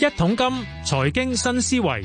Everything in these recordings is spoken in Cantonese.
一桶金財經新思維，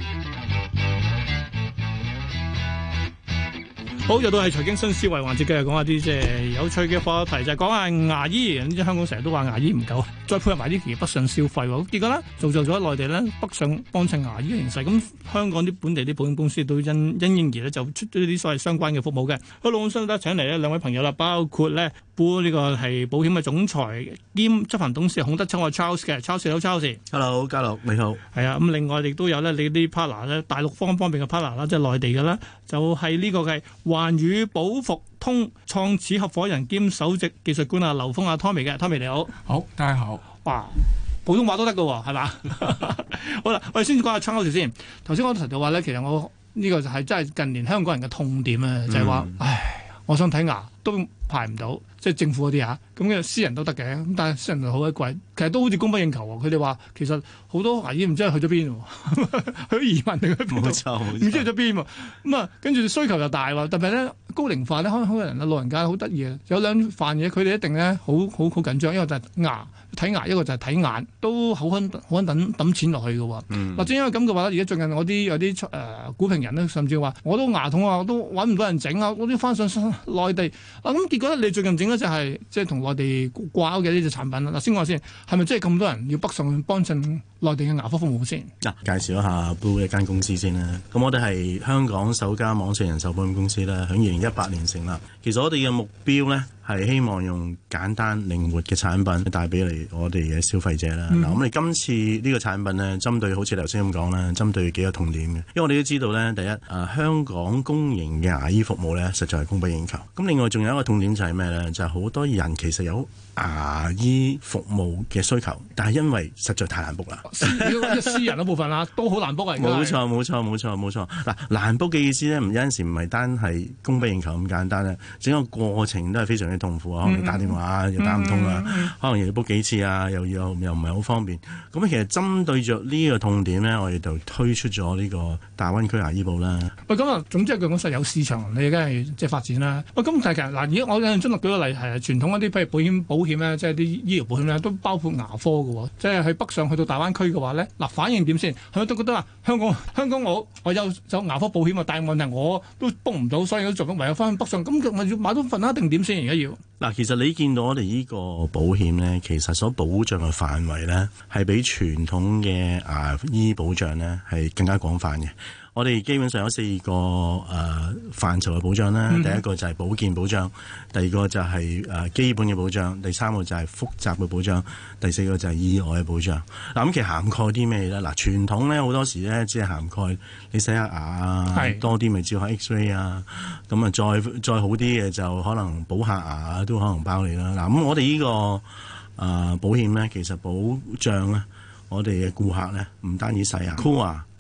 好，又到係財經新思維環節，繼續講下啲即係有趣嘅課題，就係講下牙醫。呢啲香港成日都話牙醫唔夠啊。再配合埋啲其北上消費，結果呢，造就咗內地呢，北上幫襯牙醫嘅形勢。咁香港啲本地啲保險公司都因因應而呢，就出咗啲所謂相關嘅服務嘅。好，老生都請嚟呢兩位朋友啦，包括呢，呢個係保險嘅總裁兼執行董事孔德秋啊，Charles，Charles 嘅好 Charles。Hello，嘉樂，你好。係啊，咁另外亦都有呢，你啲 partner 呢，大陸方方面嘅 partner 啦，即係內地嘅啦，就係、是、呢個嘅寰宇保服。通創始合伙人兼首席技術官啊，劉啊，劉峰，啊，Tommy 嘅，Tommy 你好，好，大家好，哇，普通話都得嘅喎，係嘛？ 好啦，我哋先講下創嗰條先。頭先我提就話咧，其實我呢、這個就係真係近年香港人嘅痛點啊，嗯、就係、是、話，唉，我想睇牙都排唔到。即係政府嗰啲嚇，咁嘅私人都得嘅，咁但係私人就好鬼貴，其實都好似供不應求喎。佢哋話其實好多牙醫唔知去咗邊，去移民定去邊，唔知去咗邊喎。咁啊，跟住需求又大喎，特別咧高齡化咧，可能好多老人家好得意啊，有兩飯嘢佢哋一定咧好好好緊張，因為就係牙，睇牙一個就係睇眼，都好肯好肯抌抌錢落去嘅喎。嗱、嗯，正因為咁嘅話，而家最近我啲有啲誒股評人咧，甚至話我都牙痛啊，都揾唔到人整啊，我都要翻上內地。啊、嗯，咁結果咧，你最近整嘅就係、是、即係同內地掛鈎嘅呢隻產品啦。嗱，先講先，係咪真係咁多人要北上幫襯內地嘅牙科服務先？嗱、啊，介紹一下 Blue 一間公司先啦。咁我哋係香港首家網上人壽保險公司啦，響二零一八年成立。其實我哋嘅目標呢。係希望用簡單靈活嘅產品帶俾嚟我哋嘅消費者啦。嗱、嗯，咁你今次呢個產品呢，針對好似頭先咁講啦，針對幾個痛點嘅。因為我哋都知道呢，第一，誒香港公營嘅牙醫服務呢，實在係供不應求。咁另外仲有一個痛點就係、是、咩呢？就係、是、好多人其實有牙醫服務嘅需求，但係因為實在太難 book 啦。私人嗰部分啦， 都好難 book 㗎。冇錯，冇錯，冇錯，冇錯。嗱，難 book 嘅意思呢，有陣時唔係單係供不應求咁簡單啦，整個過程都係非常痛苦啊！可能打電話、啊、又打唔通啦，可能又要 book 幾次啊，又要又唔係好方便。咁其實針對著呢個痛點呢，我哋就推出咗呢個大灣區牙醫保啦。喂，咁啊，總之據講實有市場，你梗係即係發展啦。喂，咁但係其實嗱，而我我想今日舉個例係傳統嗰啲，譬如保險保險咧，即係啲醫療保險咧，都包括牙科嘅喎。即係喺北上去到大灣區嘅話呢，嗱，反應點先？係咪都覺得話香港香港我我有有牙科保險啊，但問題我都 book 唔到，所以都仲要唯有翻北上。咁咪、啊、要買多份，一定點先而家嗱，其實你見到我哋呢個保險咧，其實所保障嘅範圍咧，係比傳統嘅啊醫保障咧係更加廣泛嘅。我哋基本上有四個誒、呃、範疇嘅保障啦。第一個就係保健保障，第二個就係、是、誒、呃、基本嘅保障，第三個就係複雜嘅保障，第四個就係意外嘅保障。嗱、啊、咁其實涵蓋啲咩咧？嗱、啊，傳統咧好多時咧只係涵蓋你洗一下牙一啊，多啲咪照下 X-ray 啊。咁啊再再好啲嘅就可能補下牙啊，都可能包你啦。嗱、啊、咁、嗯、我哋呢、這個誒、呃、保險咧，其實保障咧，我哋嘅顧客咧唔單止洗牙。嗯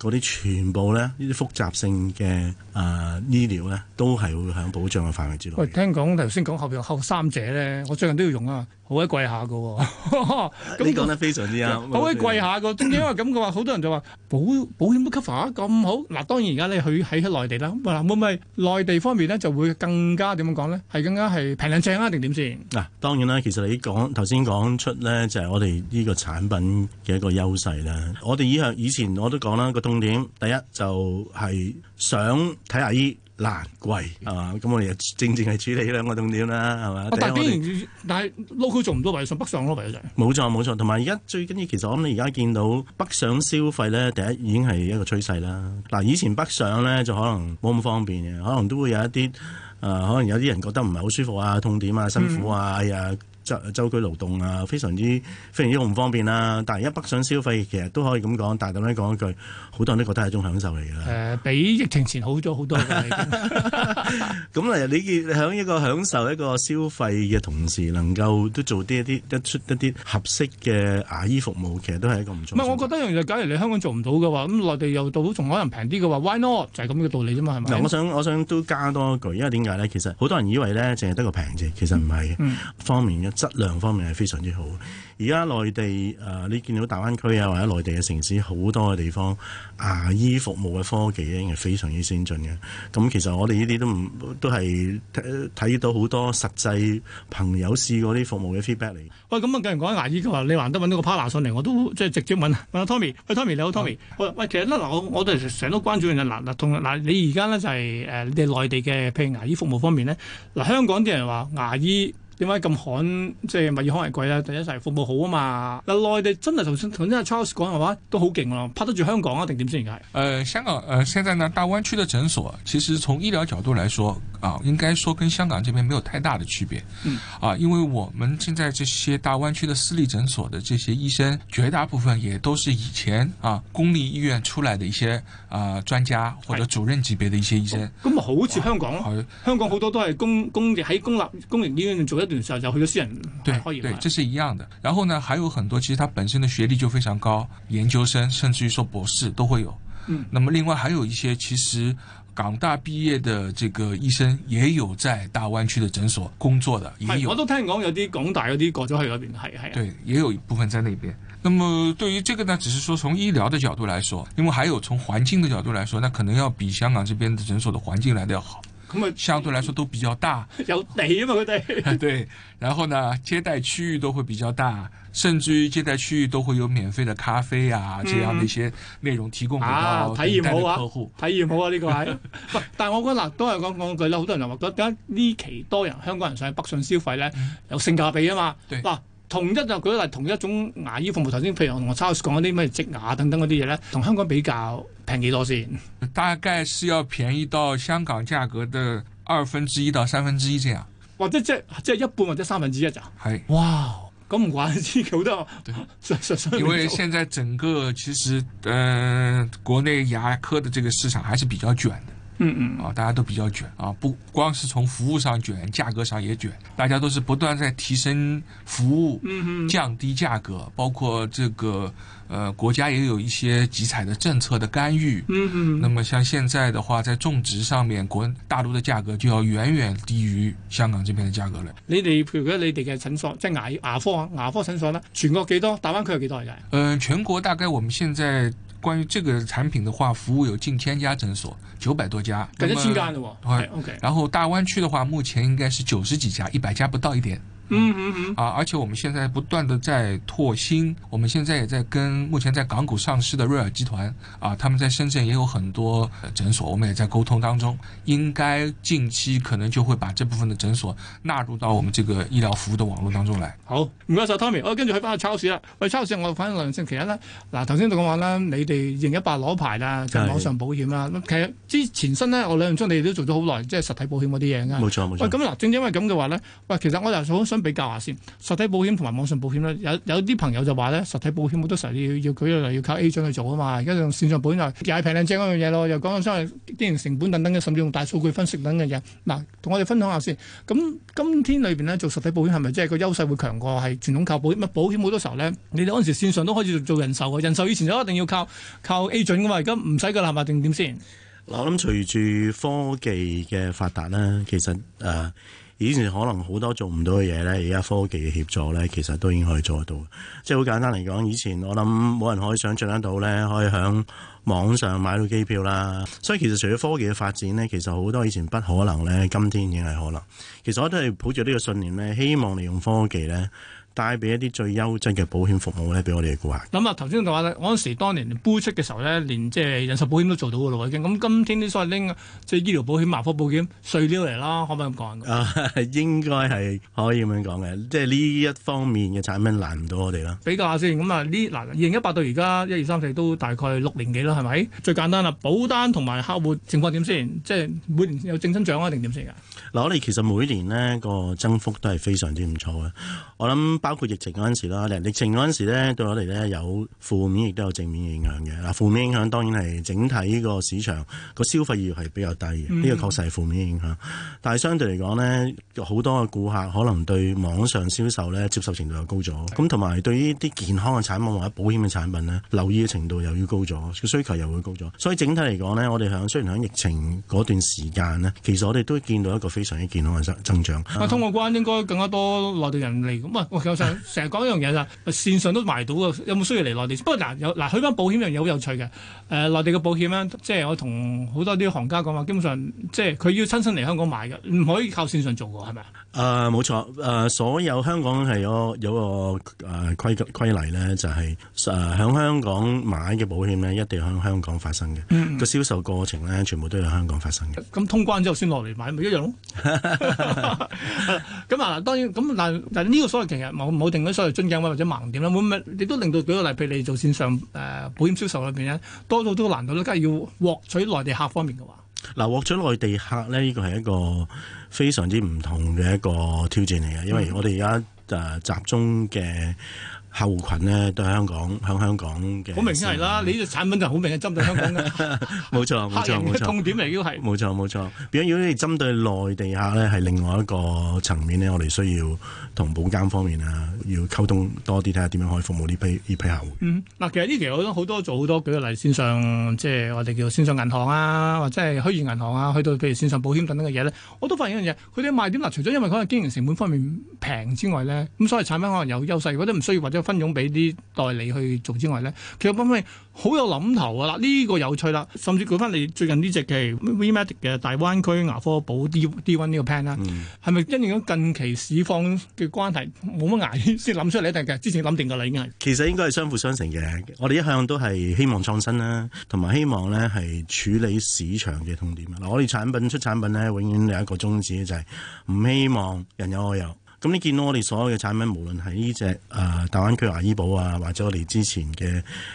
嗰啲全部咧，呢啲複雜性嘅啊、呃、醫療咧，都係會喺保障嘅範圍之內的。喂，聽講頭先講後邊後三者咧，我最近都要用啊，好鬼貴下噶、哦。咁、 嗯、你講得非常之啱。 好鬼貴下噶，點解話咁嘅話？好多人就話保保險都 cover 咁、啊、好。嗱，當然而家你去喺喺內地啦。嗱，會唔會內地方面咧就會更加點講咧？係更加係平靚正啊，定點先？嗱、啊，當然啦。其實你講頭先講出咧，就係、是、我哋呢個產品嘅一個優勢啦。我哋以向以前我都講啦，痛點第一就係想睇牙醫難貴係嘛？咁我哋就正正係處理兩個痛點啦，係嘛、啊。但係，但係 local 做唔到，唯有上北上咯，唯一冇錯冇錯，同埋而家最緊要，其實我諗你而家見到北上消費咧，第一已經係一個趨勢啦。嗱，以前北上咧就可能冇咁方便嘅，可能都會有一啲誒、呃，可能有啲人覺得唔係好舒服啊、痛點啊、辛苦啊呀。嗯就佢勞勞動啊，非常之非常之唔方便啦、啊。但係一北上消費，其實都可以咁講。大膽講一句，好多人都覺得係一種享受嚟㗎。誒、呃，比疫情前好咗好多咁 已經 你喺一個享受一個消費嘅同時，能夠都做啲一啲一出一啲合適嘅牙醫服務，其實都係一個唔錯。唔我覺得其實假如你香港做唔到嘅話，咁內地又到仲可能平啲嘅話，Why not？就係咁嘅道理啫嘛，係咪？嗱、嗯，我想我想都加多一句，因為點解呢？其實好多人以為呢，淨係得個平啫，其實唔係、嗯、方便質量方面係非常之好的，而家內地誒、呃，你見到大灣區啊，或者內地嘅城市好多嘅地方牙醫服務嘅科技已經係非常之先進嘅。咁、嗯、其實我哋呢啲都唔都係睇到好多實際朋友試過啲服務嘅 feedback 嚟。喂，咁、嗯、啊，既然講牙醫嘅話，你難得揾到個 partner 上嚟，我都即係直接問啊，Tommy、哎。喂，Tommy 你好，Tommy。喂、嗯，喂，其實咧，嗱，我我哋成日都關注嘅嗱嗱，同、啊、嗱、啊、你而家咧就係、是、誒、啊、你哋內地嘅，譬如牙醫服務方面咧，嗱、啊、香港啲人話牙醫。.點解咁罕，即係物以罕為貴咧？第一就係服務好啊嘛。嗱，內地真係頭先頭先阿 Charles 講嘅話都好勁咯，拍得住香港啊定點先嚟嘅？誒、呃，香港誒、呃，現在呢大灣區嘅診所其實從醫療角度來說啊，應該說跟香港這邊沒有太大的區別。嗯、啊，因為我們現在這些大灣區嘅私立診所嘅這些醫生，絕大部分也都是以前啊公立醫院出來嘅一些啊專家或者主任級別嘅一些醫生。咁咪好似香港咯？香港好多都係公公喺公立公營醫院做一對對，這是一樣的。然後呢，還有很多，其實他本身的學歷就非常高，研究生甚至於說博士都會有。嗯，那麼另外還有一些，其實港大畢業的這個醫生也有在大灣區的診所工作的，也有。我都聽講有啲港大有啲過咗去嗰邊，係係啊。對，也有一部分在那邊。那麼對於這個呢，只是說從醫療的角度來說，因為還有從環境的角度來說，那可能要比香港這邊的診所的環境來的要好。咁啊，相對來說都比較大，嗯、有地啊嘛佢哋。對，然後呢，接待區域都會比較大，甚至於接待區域都會有免費的咖啡啊，嗯、這樣的一些內容提供給大家啊，的啊，體驗好啊，客戶體驗好啊呢、這個係。 但係我覺得嗱，都係講講，講句啦，好多人話覺得點解呢期多人香港人上去北上消費咧、嗯，有性價比啊嘛，嗱。啊同一就舉例，同一種牙醫服務，頭先譬如我同 Charles 講嗰啲咩植牙等等嗰啲嘢咧，同香港比較平幾多先？大概是要便宜到香港價格的二分之一到三分之一這樣，或者即即一半或者三分之一咋？係哇，咁唔怪之好多，因為現在整個其實嗯、呃、國內牙科嘅這個市場還是比較卷的。嗯嗯啊，大家都比較卷啊，不光是從服務上卷，價格上也卷，大家都是不斷在提升服務，嗯嗯，降低價格，包括這個呃，國家也有一些集採的政策的干預，嗯嗯，那麼像現在的話，在種植上面，國大陸的價格就要遠遠低於香港這邊的價格了。你哋，譬如講你哋嘅診所，即係牙牙科啊，牙科診所啦，全國幾多？大灣區有幾多啊？嗯、呃，全國大概我們現在。關於這個產品的話，服務有近千家診所，九百多家。感覺挺干的，的、哎 okay、然後大灣區的話，目前應該是九十幾家，一百家不到一點。嗯嗯嗯，啊，而且我們現在不斷的在拓新，我們現在也在跟目前在港股上市的瑞爾集團，啊，他們在深圳也有很多診所，我們也在溝通當中，應該近期可能就會把這部分的診所納入到我們這個醫療服務的網絡當中來。好，唔該晒，Tommy，我、哦、跟住去翻去超市啦。喂，超市我反正兩星其實呢嗱，頭先你講話啦，你哋二零一八攞牌啦，就係網上保險啦。咁其實之前身呢我兩分鐘你哋都做咗好耐，即係實體保險嗰啲嘢噶。冇錯冇錯。喂，咁、哎、嗱，正因為咁嘅話咧，喂，其實我又想想。比較下先，實體保險同埋網上保險咧，有有啲朋友就話咧，實體保險好多時候要要佢要，要靠 A 準去做啊嘛，而家用線上保險又又係平靚正嗰樣嘢咯，又講緊商業經營成本等等嘅，甚至用大數據分析等嘅嘢。嗱，同我哋分享下先。咁今天裏邊呢，做實體保險係咪即係個優勢會強過係傳統靠保險？保險好多時候呢，你哋嗰陣時線上都開始做人壽嘅，人壽以前就一定要靠靠 A 準嘅嘛，而家唔使嘅啦，係咪定點先？我諗隨住科技嘅發達啦，其實誒。呃以前可能好多做唔到嘅嘢呢，而家科技嘅協助呢，其實都已經可以做到。即係好簡單嚟講，以前我諗冇人進可以想像得到呢，可以響網上買到機票啦。所以其實隨住科技嘅發展呢，其實好多以前不可能呢，今天已經係可能。其實我都係抱住呢個信念呢，希望利用科技呢。帶俾一啲最優質嘅保險服務咧，俾我哋嘅顧客。咁、嗯、啊，頭先嘅話咧，嗰陣時當年推出嘅時候咧，連即係人壽保險都做到嘅咯，已經咁今天啲所謂拎即係醫療保險、麻科保險碎料嚟啦，可唔可以咁講？啊、呃，應該係可以咁樣講嘅，即係呢一方面嘅產品難唔到我哋啦。比較下先，咁啊，呢嗱，二零一八到而家一二三四都大概六年幾啦，係咪？最簡單啦，保單同埋客戶情況點先？即係每年有正增長啊，定點先㗎？嗱，我哋其實每年呢個增幅都係非常之唔錯嘅。我諗包括疫情嗰陣時啦，疫情嗰陣時咧對我哋咧有負面亦都有正面影響嘅。嗱，負面影響當然係整體個市場個消費業係比較低嘅，呢、嗯這個確實係負面影響。但係相對嚟講呢，好多嘅顧客可能對網上銷售咧接受程度又高咗，咁同埋對於啲健康嘅產品或者保險嘅產品呢留意嘅程度又要高咗，個需求又要高咗。所以整體嚟講呢，我哋響雖然響疫情嗰段時間呢，其實我哋都見到一個。非常之健康嘅增增長。啊，通過關應該更加多內地人嚟咁啊！我其實成日講一樣嘢就線上都買到嘅，有冇需要嚟內地？不過嗱，有嗱，去返保險又係好有趣嘅。誒、呃，內地嘅保險咧，即係我同好多啲行家講話，基本上即係佢要親身嚟香港買嘅，唔可以靠線上做嘅，係咪啊？啊、呃，冇錯，啊、呃，所有香港係有有個誒、呃、規規例咧，就係誒喺香港買嘅保險咧，一定要喺香港發生嘅，個、嗯、銷售過程呢，全部都喺香港發生嘅。咁、嗯嗯、通關之後，先落嚟買，咪一樣咯。咁 啊、 嗯，當然，咁但但呢個所謂其實冇冇定咗所謂樽頸位或者盲點咧，會唔會亦都令到舉個例，譬如你做線上誒、呃、保險銷售裏邊呢，多數都難度咧，梗係要獲取內地客方面嘅話。嗱，獲咗內地客咧，呢個係一個非常之唔同嘅一個挑戰嚟嘅，因為我哋而家誒集中嘅。客戶群呢都喺香港，響香港嘅。好明顯係啦，你呢個產品就好明顯針對香港嘅。冇 錯，冇錯，冇錯。重點嚟嘅係冇錯冇錯。如果你針對內地客呢，係另外一個層面呢，我哋需要同保監方面啊，要溝通多啲，睇下點樣可以服務呢批呢批客戶。嗱、嗯，其實呢期我都好多做好多，好多舉個例線上，即係我哋叫做線上銀行啊，或者係虛擬銀行啊，去到譬如線上保險等等嘅嘢呢，我都發現一樣嘢，佢哋賣點嗱，除咗因為佢嘅經營成本方面平之外呢，咁所以產品可能有優勢，或者唔需要或者。分佣俾啲代理去做之外咧，其實我諗好有諗頭噶啦。呢、這個有趣啦，甚至舉返你最近呢隻嘅 WeMedic 嘅大灣區牙科寶 D D One 呢個 plan 啦，係、嗯、咪因應咗近期市況嘅關係，冇乜牙先諗出嚟一定嘅？之前諗定噶啦，已係。其實應該係相輔相成嘅。我哋一向都係希望創新啦，同埋希望咧係處理市場嘅痛點。嗱，我哋產品出產品咧，永遠有一個宗旨就係、是、唔希望人有我有。咁你見到我哋所有嘅產品，無論係呢隻大灣區牙醫保啊，或者我哋之前嘅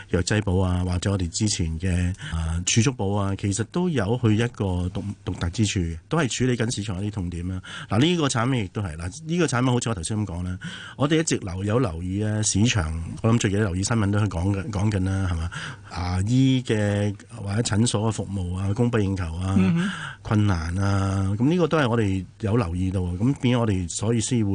藥劑保啊，或者我哋之前嘅啊、呃、儲蓄保啊，其實都有佢一個獨，獨特之處，都係處理緊市場一啲痛點啊。嗱，呢個產品亦都係嗱，呢、啊呢個產品好似我頭先咁講啦，我哋一直留有留意啊市場我諗最近留意新聞都係講緊講緊啦，係嘛？牙、啊、醫嘅或者診所嘅服務啊，供不應求啊、嗯，困難啊，咁呢個都係我哋有留意到，咁變咗我哋所以先會。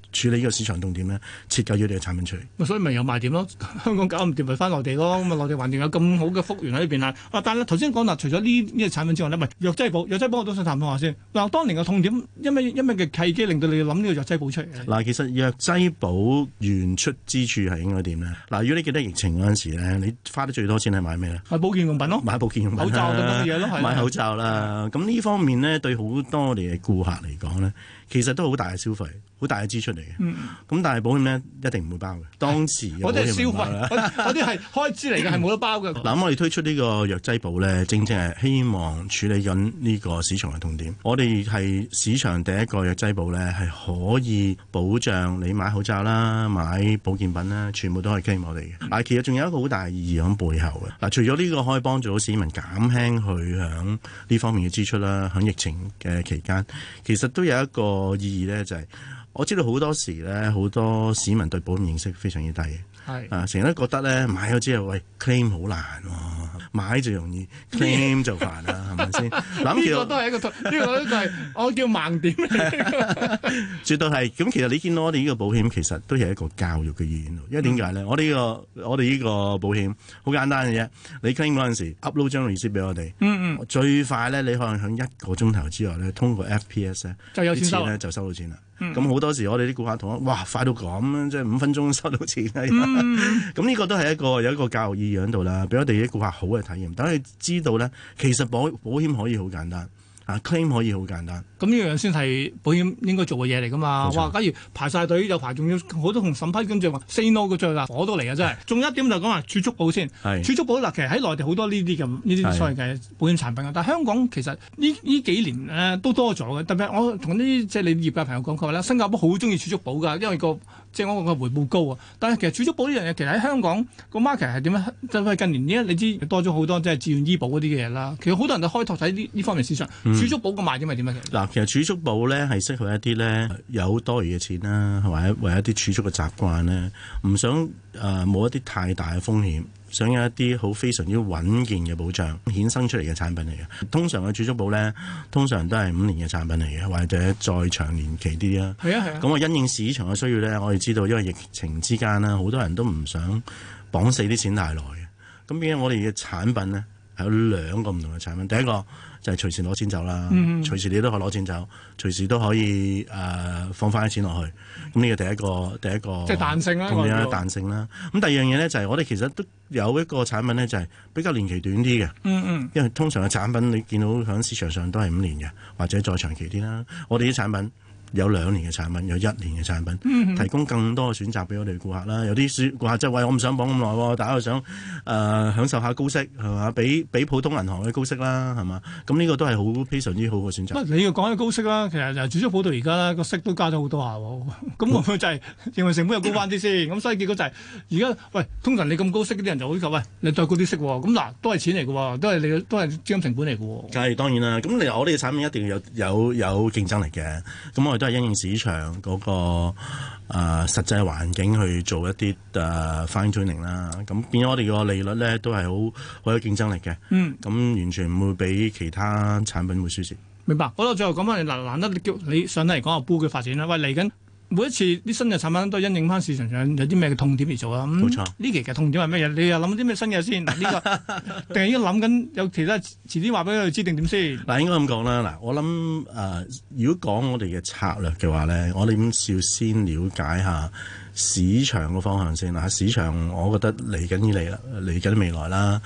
處理呢個市場痛點呢，設計咗你嘅產品出嚟。所以咪有賣點咯。香港搞唔掂咪返內地咯。咁啊內地環境有咁好嘅復原喺呢邊啦。但係頭先講啦，除咗呢呢啲產品之外呢，唔係藥劑保，藥劑保我都想談一，談一下先。嗱，當年嘅痛點，因為因為嘅契機令到你諗呢個藥劑保出嚟。嗱，其實藥劑保原出之處係應該點呢？嗱，如果你記得疫情嗰陣時咧，你花得最多錢係買咩咧？買保健用品咯，買保健用品啦，買口罩啦。咁呢方面呢，對好多我哋嘅顧客嚟講呢，其實都好大嘅消費，好大嘅支出嚟。嗯，咁但係保險咧一定唔會包嘅。當時、哎、我哋消費，嗰啲係開支嚟嘅，係冇得包嘅。嗱、嗯，我哋推出呢個藥劑保咧，正正係希望處理緊呢個市場嘅痛點。我哋係市場第一個藥劑保咧，係可以保障你買口罩啦、買保健品啦，全部都可以傾我哋嘅、嗯。但係其實仲有一個好大意義響背後嘅嗱，除咗呢個可以幫助到市民減輕佢響呢方面嘅支出啦，響疫情嘅期間，其實都有一個意義咧、就係，就係。我知道好多時咧，好多市民對保險認識非常之低。係啊，成日都覺得咧買咗之後，喂 claim 好難喎、啊，買就容易 claim 就煩啦、啊，係咪先？呢、呢個都係一個呢 個呢個係我叫盲點嚟。 絕對係咁。其實你見到我哋呢個保險其實都係一個教育嘅意義。因為點解咧？我呢、呢個、我哋呢個保險好簡單嘅啫。你 claim 嗰陣時 upload 張意思俾我哋，嗯嗯，最快咧你可能響一個鐘頭之外咧通過 FPS 咧就有錢收咧就收到錢啦。咁、嗯、好多時我哋啲顧客同我，哇！快到咁，即係五分鐘收到錢啦咁呢、嗯、 個都係一個有一個教育意義喺度啦，俾我哋啲顧客好嘅體驗，等你知道咧，其實保保險可以好簡單。claim 可以好簡單，咁呢樣先係保險應該做嘅嘢嚟噶嘛？哇！假如排晒隊，排隊又排隊，仲要好多同審批跟住話 say no 嘅罪啦，好多嚟啊！真係。仲 有一點就講話儲蓄保先。儲蓄保嗱，其實喺內地好多呢啲咁呢啲所謂嘅保險產品啊。但係香港其實呢呢幾年咧都多咗嘅，特別我同呢啲即係你業界朋友講佢話啦，新加坡好中意儲蓄保㗎，因為個即係我個回報高啊。但係其實儲蓄保呢樣嘢，其實喺香港個 market 係點樣？特別近年，呢，你知多咗好多即係自願醫保嗰啲嘅嘢啦，其實好多人都開拓喺呢呢方面市場。嗯儲蓄寶嘅賣點係點樣？嗱，其實儲蓄寶咧係適合一啲咧有多餘嘅錢啦，或者為一啲儲蓄嘅習慣咧，唔想誒冇、呃、一啲太大嘅風險，想有一啲好非常之穩健嘅保障衍生出嚟嘅產品嚟嘅。通常嘅儲蓄寶咧，通常都係五年嘅產品嚟嘅，或者再長年期啲啦。係啊係啊。咁我、啊、因應市場嘅需要咧，我哋知道因為疫情之間啦，好多人都唔想綁死啲錢太耐嘅。咁變咗我哋嘅產品咧，有兩個唔同嘅產品，第一個就係隨時攞錢走啦、嗯嗯，隨時你都可以攞錢走，隨時都可以誒、呃、放翻啲錢落去。咁呢個第一個，第一個即係彈性啦，咁樣彈性啦。咁、嗯、第二樣嘢咧就係我哋其實都有一個產品咧，就係比較年期短啲嘅、嗯嗯，因為通常嘅產品你見到響市場上都係五年嘅，或者再長期啲啦。我哋啲產品。有兩年嘅產品，有一年嘅產品，提供更多嘅選擇俾我哋顧客啦、嗯嗯。有啲顧客即、就、係、是、喂，我唔想講咁耐，大家又想誒、呃、享受下高息係嘛？比比普通銀行嘅高息啦係嘛？咁呢個都係好非常之好嘅選擇。嗯、你要講起高息啦，其實由儲蓄保到而家咧，個息都加咗好多下喎。咁、哦、就係認為成本又高翻啲先。咁、嗯、所以結果就係而家喂，通常你咁高息啲人就好似喂，你再高啲息喎。咁嗱，都係錢嚟嘅喎，都係你都係資金成本嚟嘅喎。梗係當然啦。咁嚟我哋嘅產品一定要有有有競爭力嘅。咁我。都係因應市場嗰，那個誒、呃、實際環境去做一啲誒、呃、fine tuning 啦，咁變咗我哋個利率咧都係好好有競爭力嘅。嗯，咁完全唔會俾其他產品會輸蝕。明白。好啦，最後講翻，嗱，難得你叫你上嚟講下 blue 嘅發展啦。喂，嚟緊。每一次啲新嘅產品都係因應翻市場上有啲咩嘅痛點而做啊。冇、嗯、錯，呢期嘅痛點係咩嘢？你又諗啲咩新嘢先？嗱、這、呢個定係應該諗緊？有其他遲啲話俾佢哋知定點先？嗱，應該咁講啦。嗱，我諗誒、呃，如果講我哋嘅策略嘅話咧，我哋咁少先了解一下。市場嘅方向先嗱，市場我覺得嚟緊以嚟啦，嚟緊未來啦，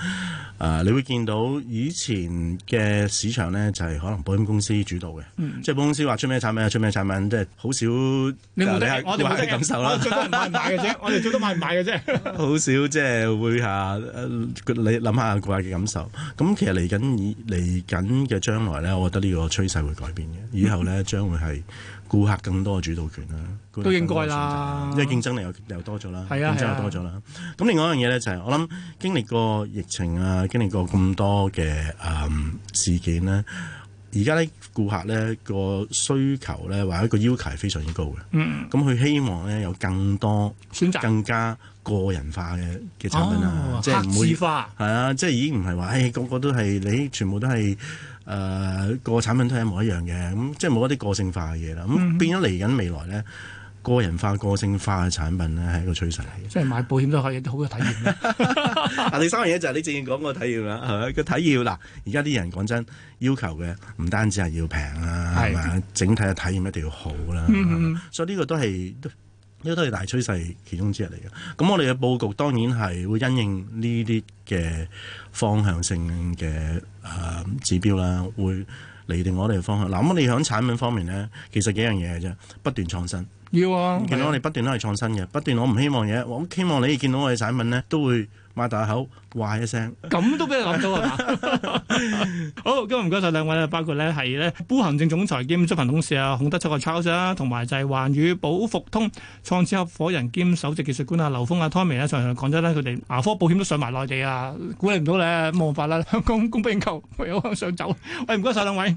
啊，你會見到以前嘅市場咧，就係、是、可能保險公司主導嘅，即、嗯、係、就是、保險公司話出咩產品就出咩產品，即係好少。你冇得我哋感受啦，我最多買唔買嘅啫，我哋最多買唔買嘅啫。好少即係會嚇，你諗下顧客嘅感受。咁、 啊、其實嚟緊以嚟緊嘅將來咧，我覺得呢個趨勢會改變嘅，以後咧將會係。嗯顧客更多嘅主導權啦，都應該啦，因為競爭力又又多咗啦，係啊、競爭又多咗啦。咁、啊、另外一樣嘢咧就係、是、我諗經歷過疫情啊，經歷過咁多嘅誒、嗯、事件咧，而家咧顧客咧個需求咧或者個要求係非常之高嘅，咁、嗯、佢希望咧有更多選擇，更加個人化嘅嘅產品啊，即係唔會，係啊，即係已經唔係話誒個個都係你全部都係。誒、呃、個產品都係一模一樣嘅，咁即係冇一啲個性化嘅嘢啦。咁、嗯、變咗嚟緊未來咧，個人化、個性化嘅產品咧係一個趨勢嚟嘅。即係買保險都可以有好嘅體， 體驗。第三樣嘢就係你正講個體驗啦，係咪？個體驗啦，而家啲人講真要求嘅，唔單止係要平呀，係嘛，整體嘅體驗一定要好啦、嗯。所以呢個都係。呢都係大趨勢其中之一嚟嘅，咁我哋嘅佈局當然係會因應呢啲嘅方向性嘅誒指標啦，會嚟定我哋嘅方向。嗱，咁你喺產品方面咧，其實是幾樣嘢啫，不斷創新。要啊，見到我哋不斷都係創新嘅，不斷我唔希望嘢，我希望你見到我哋產品咧都會。擘大口話一聲，咁都俾人諗到係嘛？好，今日唔該曬兩位，包括咧係咧，僥行政總裁兼執行董事啊，孔德秋啊，Charles 啊，同埋就係環宇保福通創始合夥人兼首席技術官啊，劉峰啊，Tommy 咧，在廣州咧，佢哋牙科保險都上埋內地啊，估計唔到咧，冇辦法啦，香港供不應求，唯有向上走。喂，唔該曬兩位。